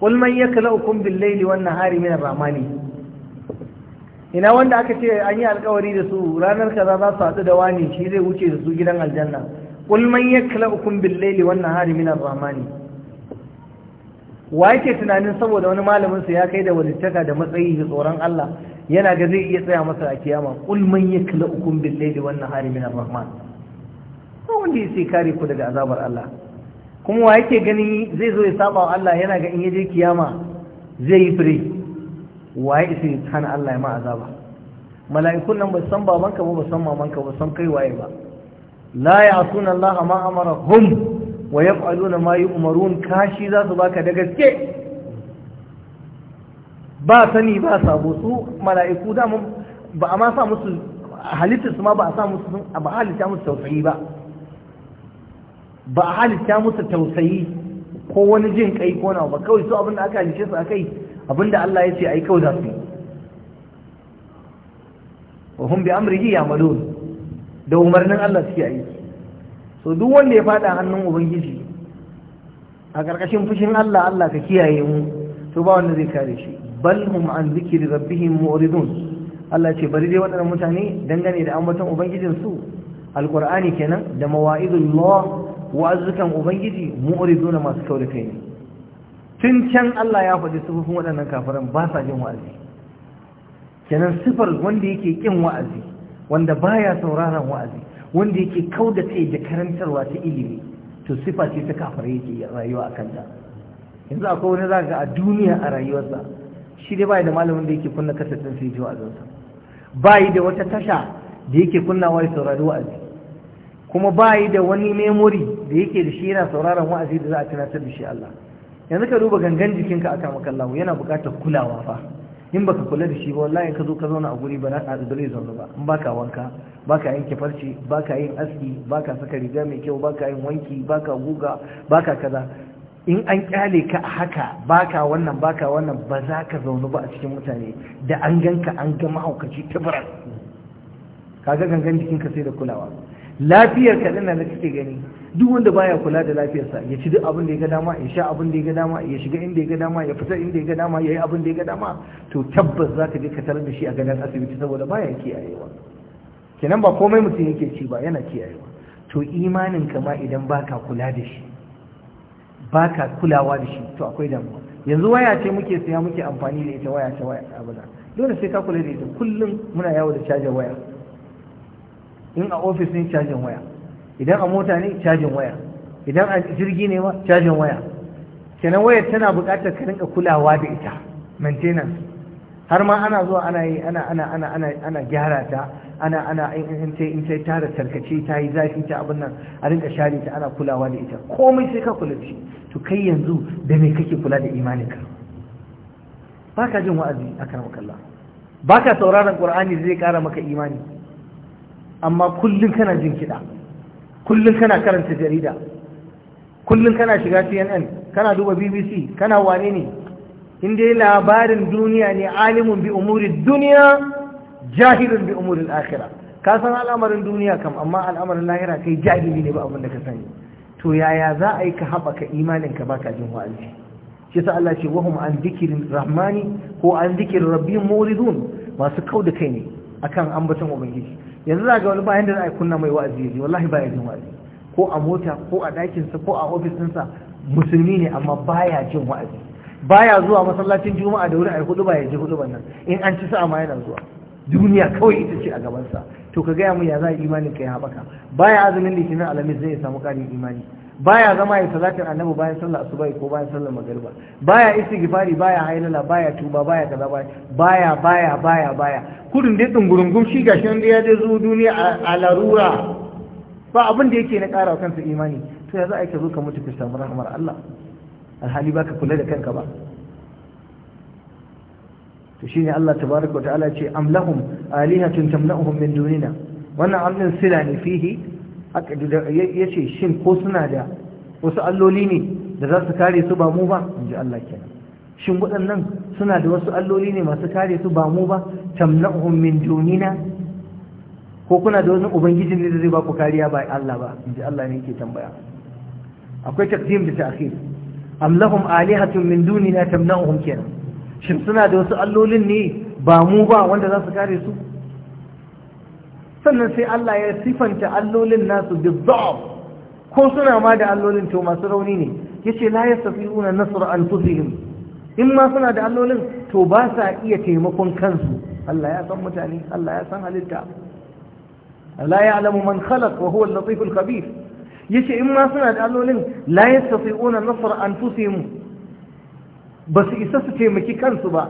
qul man yaklaukum bil-layli wan-nahari min ar-rahmani ina wanda aka ce an yi alkawari da su ranar kaza za su haɗu da wani shi zai wuce da su gidan aljanna kul man yaklaukum bil laili wan nahari min ar-rahmani wa yake tunanin saboda wani malamin sa ya kai da walittaka da matsayi da tsoron Allah yana ga zai iya tsaya masa a kiyama kul man yaklaukum bil laili wan nahari min ar-rahman ko wanda yake kare ku daga azabar Allah kuma wa yake gani zai zo ya saba wa Allah yana ga in yaje kiyama zai yi free waye isin hana Allah ya ma azaba mala'ikun nan ba san babanka ba ba san mamanka ba san kai waye ba la asuna Allah ma hum wa yaf'aluna ma yu'marun kashi za su baka da gaske ba sani ba sabo su mala'iku da ba ma sa musu halittar su ma ba a sa musu ba halitta musu tausayi ba ba a halitta musu tausayi ko wani jin kai ko na ba kawai su abin da aka halice su akai abinda Allah ya ce ai kawai za su wa hum bi amrihi ya'malun da umarnin Allah suke yi. so duk wanda ya fada hannun ubangiji a karkashin fushin Allah Allah ka kiyaye mu to ba wanda zai kare shi bal hum an zikri rabbihim mu'ridun Allah ce bari dai waɗannan mutane dangane da ambaton ubangijin su alqur'ani kenan da mawa'idullah wa'azukan ubangiji mu'ridun masu kauri kai tun can Allah ya faɗi sufufin waɗannan kafiran ba sa jin wa'azi kenan sifar wanda yake kin wa'azi wanda baya sauraron wa'azi wanda yake kauda tsaye da karantarwa ta ilimi to sifa ce ta kafare yake rayuwa a kanta yanzu akwai wani zaka a duniya a rayuwarsa shi dai bai da malamin da yake kunna kasar sai ji wa'azinsa bai da wata tasha da yake kunna ya saurari wa'azi kuma bai da wani memory da yake da shi yana sauraron wa'azi da za a tunatar da shi Allah yanzu ka duba gangan jikinka a kama kallahu yana bukatar kulawa fa in baka kula da shi ba wallahi ka zo ka zauna a guri ba na ba zai zauna ba in baka wanka baka yin farce baka yin aski baka saka riga mai kyau baka yin wanki baka guga baka kaza in an kyale ka a haka baka wannan baka wannan ba za ka zaune ba a cikin mutane da an ganka an ga mahaukaci tabarar kaga gangan jikinka sai da kulawa lafiyar ka dana kake gani duk wanda baya kula da lafiyarsa ya ci duk abin da ya ga dama ya sha abin da ya ga dama ya shiga inda ya ga dama ya fita inda ya ga dama ya yi abin da ya ga dama to tabbas za ka je ka tarar da shi a gadon asibiti saboda baya kiyayewa kenan ba komai mutum yake ci ba yana kiyayewa to imanin ka ma idan baka kula da shi baka kulawa da shi to akwai damuwa yanzu waya ce muke siya muke amfani da ita waya ce waya abuna dole sai ka kula da ita kullum muna yawo da cajin waya in a ofis ne cajin waya idan a mota ne cajin waya idan a jirgi ne ma cajin waya kenan wayar tana buƙatar ka rinka kulawa da ita maintenance har ma ana zuwa ana yi ana ana ana ana ana gyara ta ana ana in sai in sai tara tarkace ta yi zafi ta abin nan a rinka share ta ana kulawa da ita komai sai ka kula da to kai yanzu da me kake kula da imaninka baka jin wa'azi akan makalla baka sauraron qur'ani zai kara maka imani amma kullum kana jin kiɗa kullum kana karanta jarida kullum kana shiga cnn kana duba bbc kana wane ne in dai labarin duniya ne alimun bi umuri duniya jahilun bi umuri akhira ka san al'amarin duniya kam amma al'amarin lahira kai jahili ne ba abin da ka sani to yaya za a yi ka haɓaka imaninka baka jin wa'azi shi sa Allah ce wahum an zikirin rahmani ko an zikirin rabbi muridun masu kau da kai ne akan ambaton ubangiji yanzu za ga wani bayan da za a kunna mai wa'azi yaji wallahi baya jin wa'azi ko a mota ko a ɗakinsa ko a ofisinsa musulmi ne amma baya jin wa'azi baya zuwa masallacin juma'a da wuri a hudu baya ji hudu nan in an ci sa ma yana zuwa duniya kawai ita ce a gabansa to ka gaya mu ya za imanin ka ya haɓaka baya azumin litinin alamis zai samu ƙarin imani baya zama ya salatin annabi bayan sallah asuba ko bayan sallar magariba baya istighfari baya hailala baya tuba baya kaza baya baya baya baya Kudin dai tsungurungun shi shi wanda ya je zo duniya a larura ba abin da yake na kara wa kansa imani to ya za a yi ka zo ka mutu ka samu rahamar Allah alhali ba ka kula da kanka ba to shi ne Allah tabaraka wa ta'ala ce amlahum lahum alihatun tamna'uhum min dunina wannan amnin sila ne fihi ce shin ko suna da wasu alloli ne da za su kare su ba mu ba in ji Allah kenan shin waɗannan suna da wasu alloli ne masu kare su ba mu ba tamna'uhum min dunina ko kuna da wani ubangijin ne da zai ba ku kariya ba Allah ba inji Allah ne yake tambaya akwai taqdim da ta'khir am lahum alihatun min dunina tamna'uhum kenan shin suna da wasu allolin ne ba mu ba wanda za su kare su sannan sai Allah ya sifanta allolin nasu bizzab ko suna ma da allolin to masu rauni ne yace la yastati'una nasra anfusihim in ma suna da allolin to ba sa iya taimakon kansu Allah ya san mutane Allah ya san halitta la ya'lamu man khalaq wa huwa al-latif al-khabir yace in ma suna da allolin la yastati'una nasr anfusihim ba su isa su taimaki kansu ba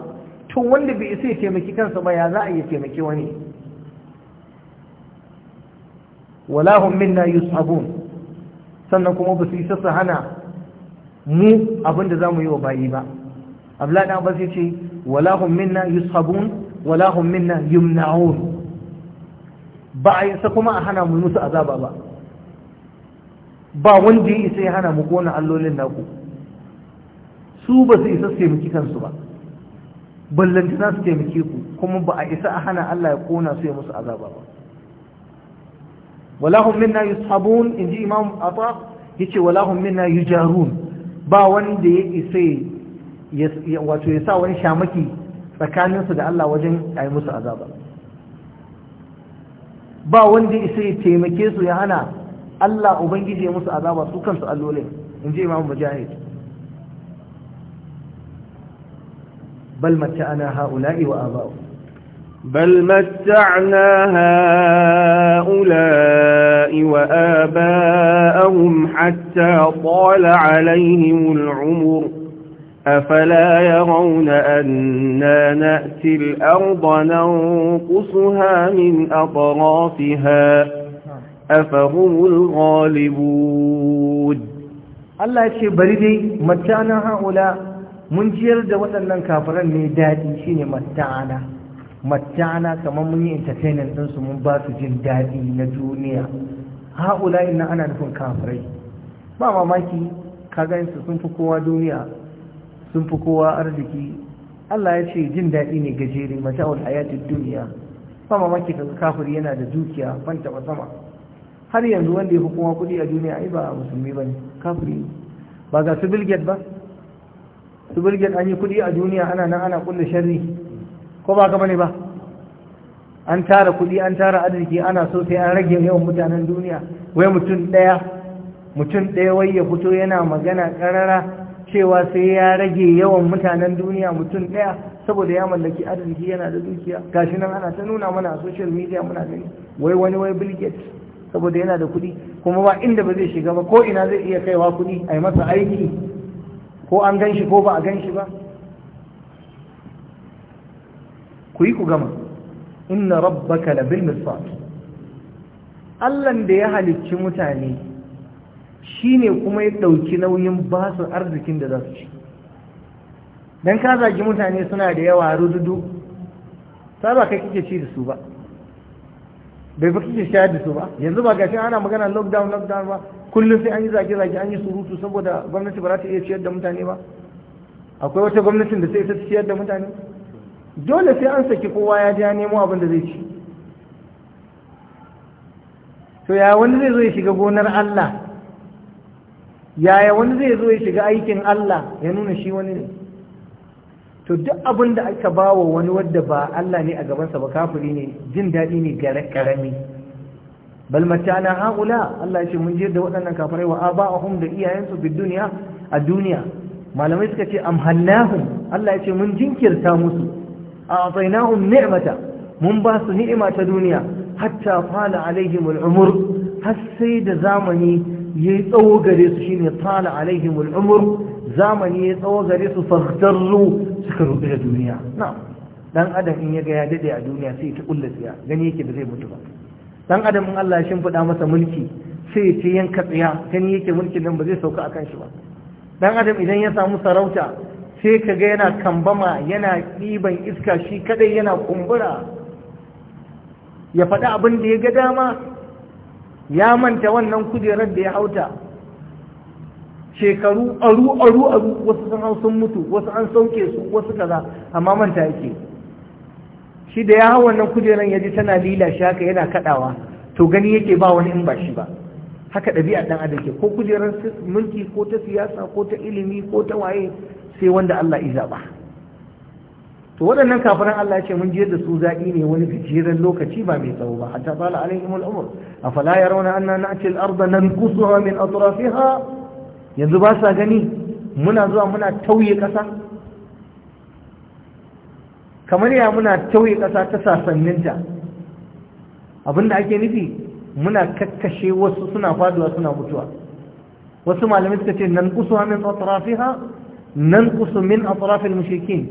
to wanda bai isa ya taimaki kansa ba ya za a iya taimaki wani wala hum minna yus'abun sannan kuma ba su isa su hana mu abinda zamu yi wa bayi ba abdullahi dan abbas yace wala hum minna yusabun wala hum minna yumna'un ba a isa kuma a hana mu musu azaba ba ba wanda ya isa ya hana mu kona allolin naku su ba su isa su taimaki kansu ba ballantana su taimaki ku kuma ba a isa a hana Allah ya kona su ya musu azaba ba wala hum minna yushabun inji imam ata yace wala hum minna yujarun ba wanda ya isa wato ya sa wani shamaki tsakaninsu da Allah wajen a yi musu azaba ba wanda isa ya taimake su ya hana Allah Ubangiji ya musu azaba su kansu allole in ji imamu mujahid bal matta'ana ha'ula'i wa aba'u بل متعنا هؤلاء وآباءهم حتى طال عليهم العمر أفلا يرون أنا نأتي الأرض ننقصها من أطرافها أفهم الغالبون الله يكي بريدي متعنا هؤلاء من دوات أنن كافران ميدادي شيني متعنا متعنا كما مني انتتين انتنس منباس جندادي نجونيا هؤلاء إن أنا نكون كافرين ba mamaki kaga su sun fi kowa duniya sun fi kowa arziki Allah ya ce jin daɗi ne gajere mata mata'ul hayatid duniya sama maki ka kafir yana da dukiya fanta ba sama har yanzu wanda ya fi kuma kudi a duniya ai ba musulmi ba bane kafiri ba ga su bilget ba su bilget an yi kudi a duniya ana nan ana kulle sharri ko ba ka bane ba an tara kudi an tara arziki ana so sai an rage yawan mutanen duniya wai mutum ɗaya mutum ɗaya wai ya fito yana magana ƙarara cewa sai ya rage yawan mutanen duniya mutum ɗaya saboda ya mallaki arziki yana da dukiya gashi nan ana ta nuna mana a social media muna gani wai wani wai bill gates saboda yana da kuɗi kuma ba inda ba zai shiga ba ko ina zai iya kaiwa kuɗi a yi masa aiki ko an gan shi ko ba a gan shi ba ku yi ku gama inna rabbaka labil mirsad Allah da ya halicci mutane shi ne kuma ya ɗauki nauyin ba su arzikin da za su ci don ka zagi mutane suna da yawa rududu ta ba kai kike ci da su ba bai fi kike shayar da su ba yanzu ba gashin ana magana lockdown lockdown ba kullum sai an yi zage-zage an yi surutu saboda gwamnati ba za ta iya ciyar da mutane ba akwai wata gwamnatin da sai ta ciyar da mutane dole sai an saki kowa ya ja nemo abin da zai ci to ya wani zai zo ya shiga gonar Allah yaya wani zai zo ya shiga aikin Allah ya nuna shi wani ne to duk abin da aka bawa wani wadda ba Allah ne a gabansa ba kafiri ne jin daɗi ne gare karami bal matana haula Allah ya ce mun je da waɗannan kafirai wa aba'ahum da iyayensu fi duniya a duniya malamai suka ce amhannahum Allah ya ce mun jinkirta musu a atainahum ni'mata mun ba su ni'ima ta duniya hatta fala alaihim al'umur har sai da zamani ya yi tsawo gare su shine tala alaihim al'umur zamani ya tsawo gare su fahtarru suka rubu da duniya na dan adam in ya ga ya dade a duniya sai ta kulla tsiya gani yake ba zai mutu ba dan adam in Allah ya shimfida masa mulki sai ya ce yanka tsiya gani yake mulkin nan ba zai sauka akan shi ba dan adam idan ya samu sarauta sai ka ga yana kambama yana ɗiban iska shi kadai yana kumbura ya faɗi abin da ya ga dama ya manta wannan kujerar da ya hauta shekaru aru aru wasu sun hau sun mutu wasu an sauke su wasu kaza amma manta yake shi da ya hau wannan kujerar ya ji tana lila shaka yana kadawa to gani yake ba wani in ba shi ba haka ɗabi'a ɗan adam ke ko kujerar mulki ko ta siyasa ko ta ilimi ko ta waye sai wanda Allah ya ba to waɗannan kafiran Allah ce mun je da su zaƙi ne wani gajeren lokaci ba mai tsawo ba hatta bala alaihim al'umur a fala ya rauna an anna na'ci al nan kusurwa min atrafiha yanzu ba sa gani muna zuwa muna tauye ƙasa kamar ya muna tauye ƙasa ta sasanninta abinda ake nufi muna kakkashe wasu suna faduwa suna mutuwa wasu malamai suka ce nan kusurwa min atrafiha nanqusu min atrafil mushrikin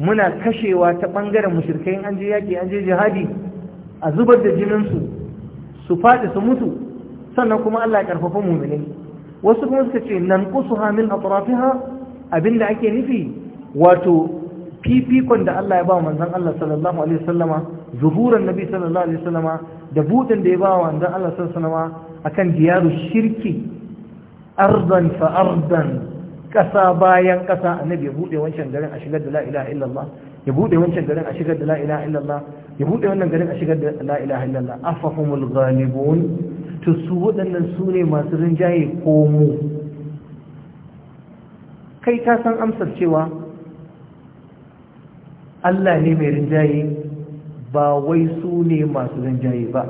muna kashewa ta bangaren mushrikai an je yaƙi an je jihadi a zubar da jinin su faɗi su mutu sannan kuma Allah ya karfafa mu'minai wasu kuma suka ce nan qusuha min atrafiha abinda ake nufi wato fifikon da Allah ya ba manzon Allah sallallahu alaihi wasallama zuhuran nabi sallallahu alaihi wasallama da budin da ya ba manzon Allah sallallahu alaihi wasallama akan diyaru shirki ardan fa ardan ƙasa bayan ƙasa annabi ya bude wancan garin a shigar da la ilaha illallah ya bude wancan garin a shigar da la ilaha illallah ya bude wannan garin a shigar da la ilaha illallah afahumul ghalibun to su wadannan su ne masu rinjaye ko mu kai ka san amsar cewa Allah ne mai rinjaye ba wai su ne masu rinjaye ba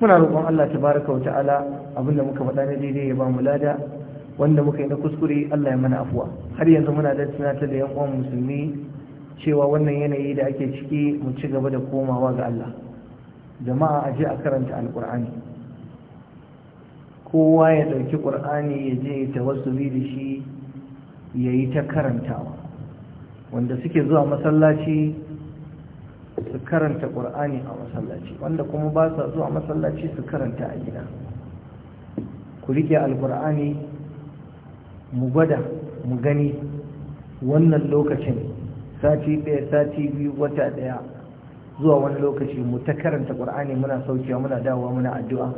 muna roƙon Allah tabaraka wa ta'ala abinda muka faɗa na daidai ya ba mu lada wanda muka yi na kuskure Allah ya mana afuwa har yanzu muna da tunatar da yan uwan musulmi cewa wannan yanayi da ake ciki mu ci gaba da komawa ga Allah jama'a a je a karanta Alƙur'ani. kowa ya ɗauki ƙur'ani ya je ta wasu da shi ya yi ta karantawa wanda suke zuwa masallaci su karanta ƙur'ani a masallaci wanda kuma ba su zuwa masallaci su karanta a gida ku riƙe alkur'ani mu gwada mu gani wannan lokacin sati ɗaya sati biyu wata ɗaya zuwa wani lokaci mu ta karanta ƙur'ani muna saukewa muna dawowa muna addu'a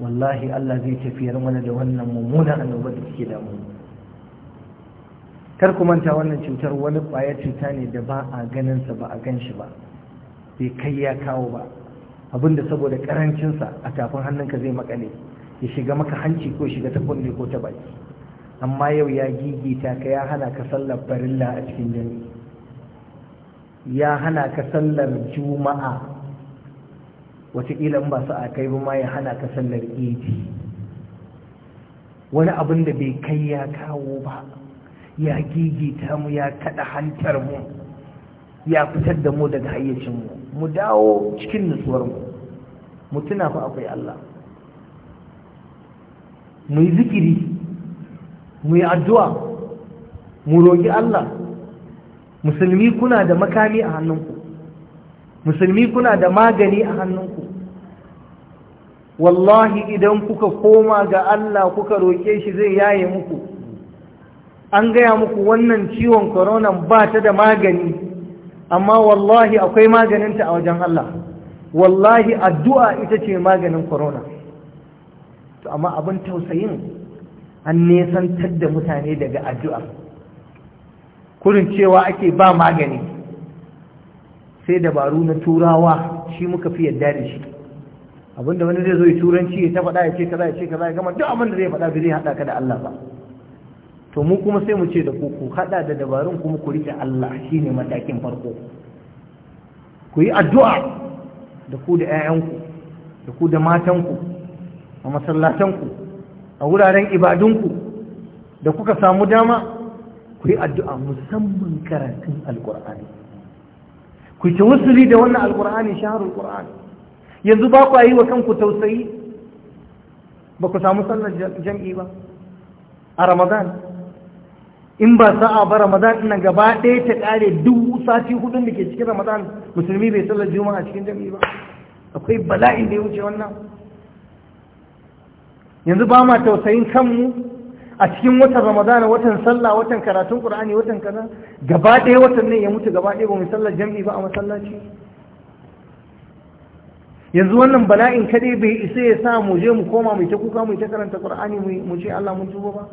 wallahi Allah zai tafiyar mana da wannan mummunan annoba da take damu kar ku manta wannan cutar wani ƙwayar cuta ne da ba a ganin sa ba a gan shi ba bai kai ya kawo ba abinda saboda karancinsa a tafin hannunka zai makale ya shiga maka hanci ko shiga ta kunne ko ta baki amma yau ya gigita ka ya hana ka sallar farilla a cikin jami'i ya hana ka sallar juma'a wataƙila in ba su a kai ba ma ya hana ka sallar idi wani abin da bai kai ya kawo ba ya gigita mu ya kaɗa hantar mu ya fitar da mu daga hayyacinmu mu dawo cikin nutsuwar mu mu tuna fa akwai Allah mu yi zikiri mu yi addu'a mu roƙi Allah musulmi kuna da makami a hannunku musulmi kuna da magani a hannunku wallahi idan kuka koma ga Allah kuka roƙe shi zai yaye muku an gaya muku wannan ciwon koronan ba ta da magani amma wallahi akwai maganinta a wajen Allah wallahi addu'a ita ce maganin korona. to amma abin tausayin an nesantar da mutane daga addu'a kurin cewa ake ba magani sai dabaru na turawa shi muka fi yadda da shi abinda wani zai zo ya turanci ya ta faɗa ya ce kaza ya ce kaza ya gama duk abinda zai faɗa zai haɗa ka da Allah ba to mu kuma sai mu ce da ku ku haɗa da dabarun kuma ku riƙe Allah shi ne matakin farko ku yi addu'a da ku da 'ya'yanku da ku da matanku a masallatanku a wuraren ibadunku da kuka samu dama ku yi addu'a musamman karatun alkur'ani ku ci musuli da wannan alkur'ani shaharar alkur'ani yanzu ba ku yi wa kanku tausayi ba ku samu sallar jam'i ba a ramadan in ba sa'a ba ramadan ina gaba ɗaya ta ƙare duk sati hudun da ke cikin ramadan musulmi bai sallar juma'a cikin jam'i ba akwai bala'in da ya wuce wannan yanzu ba ma tausayin kanmu a cikin watan ramadana watan sallah watan karatun ƙur'ani watan kaza gaba ɗaya watan nan ya mutu gaba ɗaya ba mu sallar jam'i ba a masallaci yanzu wannan bala'in kadai bai isa ya sa mu je mu koma mu ta kuka mu ta karanta ƙur'ani mu ce Allah mun tuba ba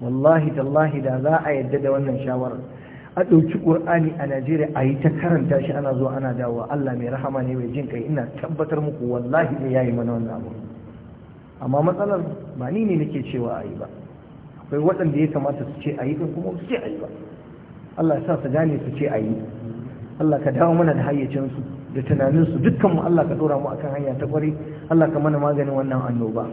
wallahi tallahi da za a yadda da wannan shawarar a ɗauki ƙur'ani a najeriya a yi ta karanta shi ana zuwa ana dawowa allah mai rahama ne mai jin kai ina tabbatar muku wallahi da ya yi mana wannan abu amma matsalar ba ni ne nake cewa a yi ba akwai waɗanda ya kamata su ce a yi kuma su ce a yi ba Allah ya sa su gane su ce a yi Allah ka dawo mana da hayyacinsu da tunaninsu dukkanmu Allah ka ɗora mu akan hanya ta ƙwari Allah ka mana maganin wannan annoba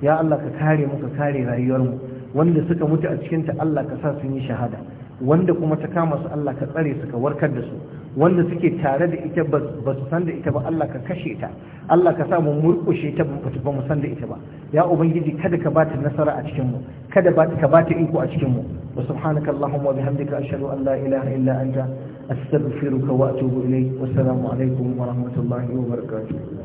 ya Allah ka kare mu ka kare rayuwarmu wanda suka mutu a cikinta Allah ka sa sun yi shahada wanda kuma ta kama su Allah ka tsare su ka warkar da su wanda suke tare da ita ba su san da ita ba Allah ka kashe ta Allah ka samu murkushe ta ba mu san da ita ba ya ubangiji kada ka bata nasara a cikin mu kada ka bata iko a cikin mu wa subhanaka allahumma wa bihamdika ashhadu an la ilaha illa anta astaghfiruka wa atubu ilayk wa assalamu alaikum wa rahmatullahi wa barakatuh